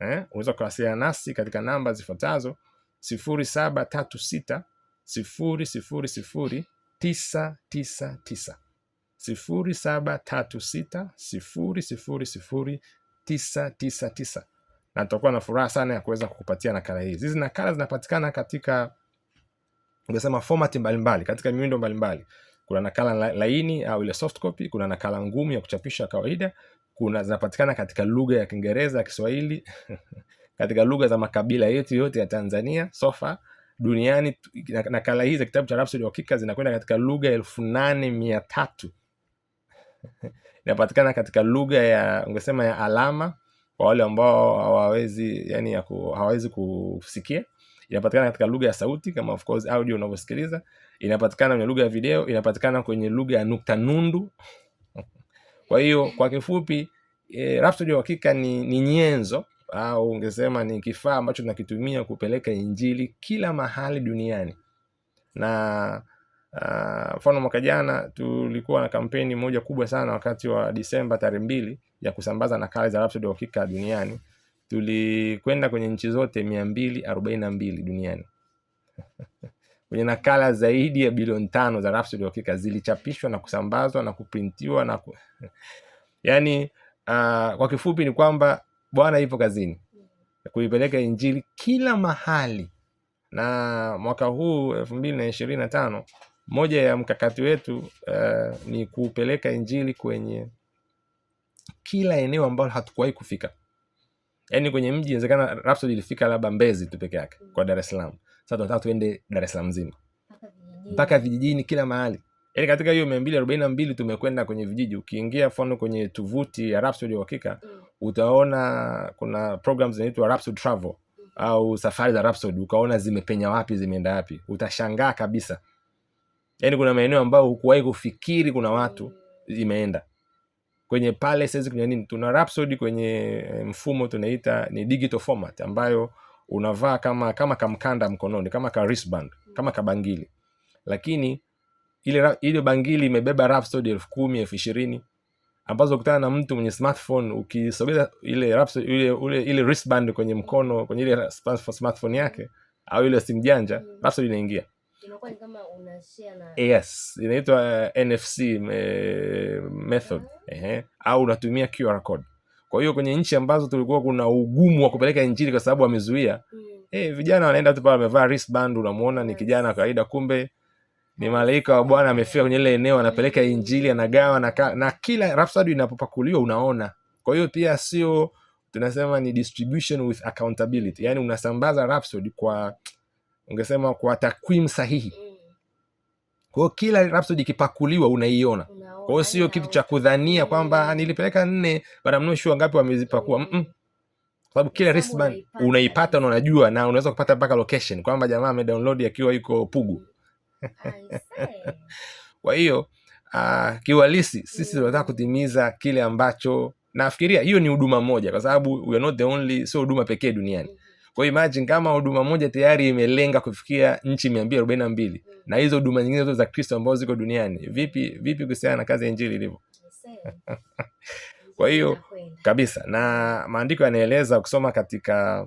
eh, unaweza kuwasiliana nasi katika namba zifuatazo sifuri saba tatu sita sifuri sifuri sifuri tisa tisa tisa sifuri saba tatu sita sifuri sifuri sifuri tisa tisa tisa na tutakuwa na furaha sana ya kuweza kukupatia nakala hizi. Hizi nakala zinapatikana katika ungesema format mbalimbali, katika miundo mbalimbali. Kuna nakala laini au ile soft copy, kuna nakala ngumu ya kuchapisha kawaida, kuna zinapatikana katika lugha ya Kiingereza, Kiswahili katika lugha za makabila yetu yote ya Tanzania sofa duniani. Nakala hii za kitabu cha Rhapsody of Kika zinakwenda katika lugha elfu nane mia tatu inapatikana katika lugha ya ungesema ya alama kwa wale ambao hawawezi yani ya ku, hawawezi kusikia. Inapatikana katika lugha ya sauti kama of course audio unavyosikiliza. Inapatikana kwenye lugha ya video, inapatikana kwenye lugha ya nukta nundu kwa hiyo kwa kifupi e, Rhapsody ya uhakika ni, ni nyenzo au ungesema ni kifaa ambacho tunakitumia kupeleka injili kila mahali duniani na mfano uh, mwaka jana tulikuwa na kampeni moja kubwa sana wakati wa Disemba tarehe mbili ya kusambaza nakala za Rhapsody ya uhakika duniani. Tulikwenda kwenye nchi zote mia mbili arobaini na mbili duniani kwenye nakala zaidi ya bilioni tano za Rhapsody ya Uhakika zilichapishwa na kusambazwa na kuprintiwa na ku... yani, uh, ah, kwa kifupi ni kwamba Bwana ipo kazini kuipeleka Injili kila mahali, na mwaka huu elfu mbili na ishirini na tano moja ya mkakati wetu uh, ni kupeleka Injili kwenye kila eneo ambalo hatukuwahi kufika, Yani kwenye mji inawezekana Rhapsody ilifika labda Mbezi tu peke yake kwa Dar es Salaam sasa tunataka tuende Dar es Salaam nzima mpaka vijijini, kila mahali. Yaani katika hiyo mia mbili arobaini na mbili tumekwenda kwenye vijiji. Ukiingia mfano kwenye tovuti ya Rhapsody ya uhakika, mm. utaona kuna program zinaitwa Rhapsody Travel mm. au safari za Rhapsody, ukaona zimepenya wapi, zimeenda wapi, utashangaa kabisa. Yaani kuna maeneo ambayo hukuwahi kufikiri kuna watu mm. imeenda kwenye pale palaces, kwenye nini. Tuna Rhapsody kwenye eh, mfumo tunaita ni digital format ambayo unavaa kama kama kamkanda mkononi kama ka wristband, kama kabangili, lakini ile ile bangili imebeba rap elfu 10000 elfu ambazo ukutana na mtu mwenye smartphone ukisogeza ile Rhapsody, ile, ile, ile wristband kwenye mkono kwenye ile smartphone yake au ile simu janja mm. Rhapsody inaingia inakuwa ni kama una share na... yes, inaitwa uh, eh, NFC uh, eh, method uh -huh. au unatumia QR code kwa hiyo kwenye nchi ambazo tulikuwa kuna ugumu wa kupeleka injili kwa sababu wamezuia mm. eh, vijana wanaenda tu pale wamevaa wristband, unamuona ni kijana wa kawaida, kumbe ni malaika wa Bwana amefika kwenye ile eneo, anapeleka injili, anagawa na, na kila Rhapsody inapopakuliwa unaona. Kwa hiyo pia sio tunasema ni distribution with accountability, yani unasambaza Rhapsody kwa ungesema kwa takwimu sahihi. Mm. Kwa hiyo kila Rhapsody ikipakuliwa unaiona. Kwa hiyo sio kitu cha kudhania kwamba nilipeleka nne wanamnushi ngapi wamezipakua mm -mm. Sababu kila wristband unaipata na unajua, na unaweza kupata mpaka location kwamba jamaa amedownload akiwa yuko Pugu. Kwa hiyo uh, ah, kiwalisi sisi mm. tunataka kutimiza kile ambacho nafikiria hiyo ni huduma moja, kwa sababu we are not the only, sio huduma pekee duniani kwa imagine kama huduma moja tayari imelenga kufikia nchi mia mbili arobaini na mbili mm. na hizo huduma nyingine zote za Kristo ambazo ziko duniani, vipi vipi kuhusiana na kazi ya injili ilivyo? Kwa hiyo kabisa, na maandiko yanaeleza kusoma katika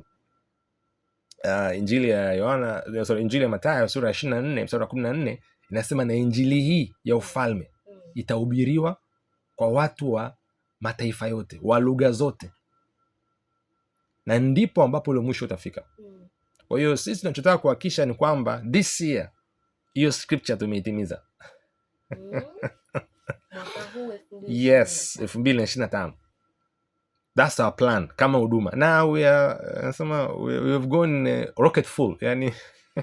uh, injili ya Yohana, injili ya matayo sura ya ishirini na nne msara wa kumi na nne inasema na injili hii ya ufalme mm. itahubiriwa kwa watu wa mataifa yote wa lugha zote na ndipo ambapo ule mwisho utafika. Mm. Kwa hiyo sisi tunachotaka kuhakikisha ni kwamba this year hiyo scripture tumeitimiza mm. yes, elfu mbili na ishirini na tano. That's our plan kama huduma na we are, nasema we, we have gone uh, rocket full yani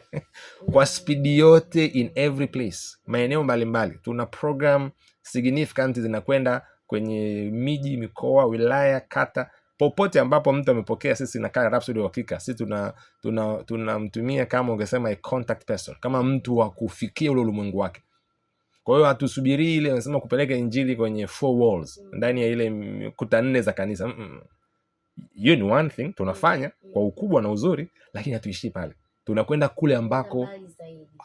kwa spidi yote in every place, maeneo mbalimbali tuna program significant zinakwenda kwenye miji, mikoa, wilaya, kata popote ambapo mtu amepokea, sisi nakala Rhapsody ya Uhakika. Sisi tunamtumia tuna, tuna kama ungesema a contact person, kama mtu wa kufikia ule ulimwengu wake. Kwa hiyo hatusubiri ile unasema kupeleka injili kwenye four walls, mm. ndani ya ile kuta nne za kanisa. Hiyo ni one thing tunafanya mm. kwa ukubwa na uzuri, lakini hatuishii pale, tunakwenda kule ambako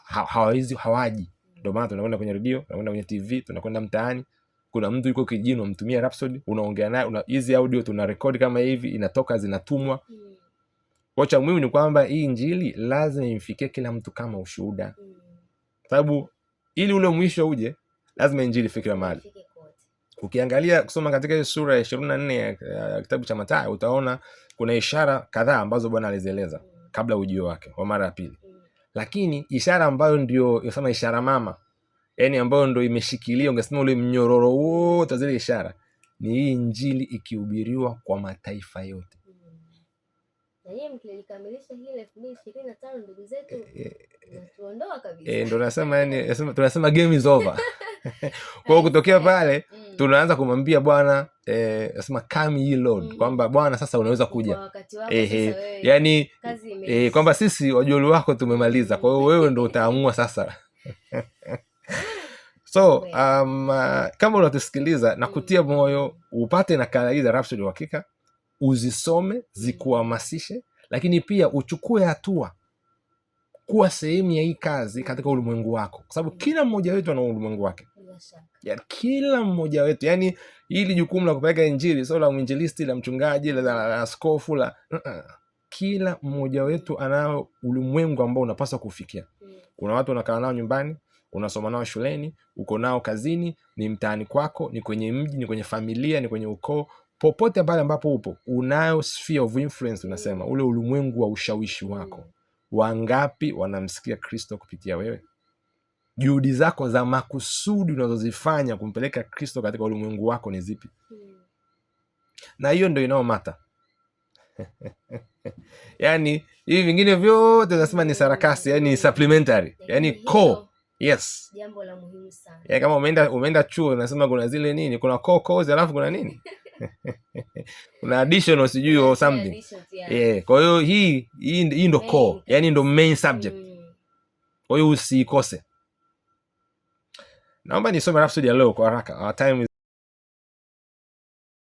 hawawezi hawaji. Mm. Ndio maana tunakwenda kwenye redio, tunakwenda kwenye TV, tunakwenda mtaani kuna mtu yuko kijini unamtumia Rhapsody, unaongea naye una hizi audio tuna rekodi kama hivi, inatoka zinatumwa mm. Kwa cha muhimu ni kwamba hii injili lazima imfikie kila mtu kama ushuhuda mm. Sababu ili ule mwisho uje, lazima injili ifikira mahali. Ukiangalia kusoma katika hiyo sura ya ishirini na nne ya kitabu cha Mathayo utaona kuna ishara kadhaa ambazo Bwana alizieleza hmm. kabla ujio wake wa mara ya pili, hmm. lakini ishara ambayo ndio yosema ishara mama yani ambayo ndo imeshikilia, ungesema ule mnyororo wote zile ishara, ni hii injili ikihubiriwa kwa mataifa yote. Eh, eh, eh, ndo nasema yani, tunasema game is over. Kwa hiyo kutokea pale mm. tunaanza kumwambia Bwana eh, nasema come ye Lord, mm. kwamba Bwana sasa unaweza kuja yaani, eh, eh, yani eh, kwamba sisi wajoli wako tumemaliza, kwa hiyo wewe ndo utaamua sasa so um, uh, kama unatusikiliza na mm. kutia moyo upate nakala hii za Rhapsody Uhakika, uzisome zikuhamasishe, lakini pia uchukue hatua kuwa sehemu ya hii kazi katika ulimwengu wako, kwa sababu kila mmoja wetu ana ulimwengu wake ya, kila mmoja wetu yani, hili jukumu la kupeleka injili sio la mwinjilisti, la mchungaji, la askofu, la, la, uh, la, uh, kila mmoja wetu anao ulimwengu ambao unapaswa kufikia. Mm. Kuna watu wanakaa nao nyumbani unasoma nao shuleni, uko nao kazini, ni mtaani kwako, ni kwenye mji, ni kwenye familia, ni kwenye ukoo, popote pale ambapo upo, unayo sphere of influence, unasema ule ulimwengu wa ushawishi wako. Wangapi wanamsikia Kristo kupitia wewe? Juhudi zako za makusudi unazozifanya kumpeleka Kristo katika ulimwengu wako ni zipi? Na hiyo ndo inayomata yani hivi vingine vyote nasema ni sarakasi, yani supplementary, yani core Yes. Jambo la muhimu sana. Yeah, kama umeenda umeenda chuo unasema kuna zile nini kuna core course alafu kuna nini kuna additional sijui or something. Yeah, yeah. kwa hiyo hii hii, hii ndo core, yani ndo main subject. Mm. Kwa hiyo usikose. Naomba nisome Rhapsody ya leo kwa haraka. Our time is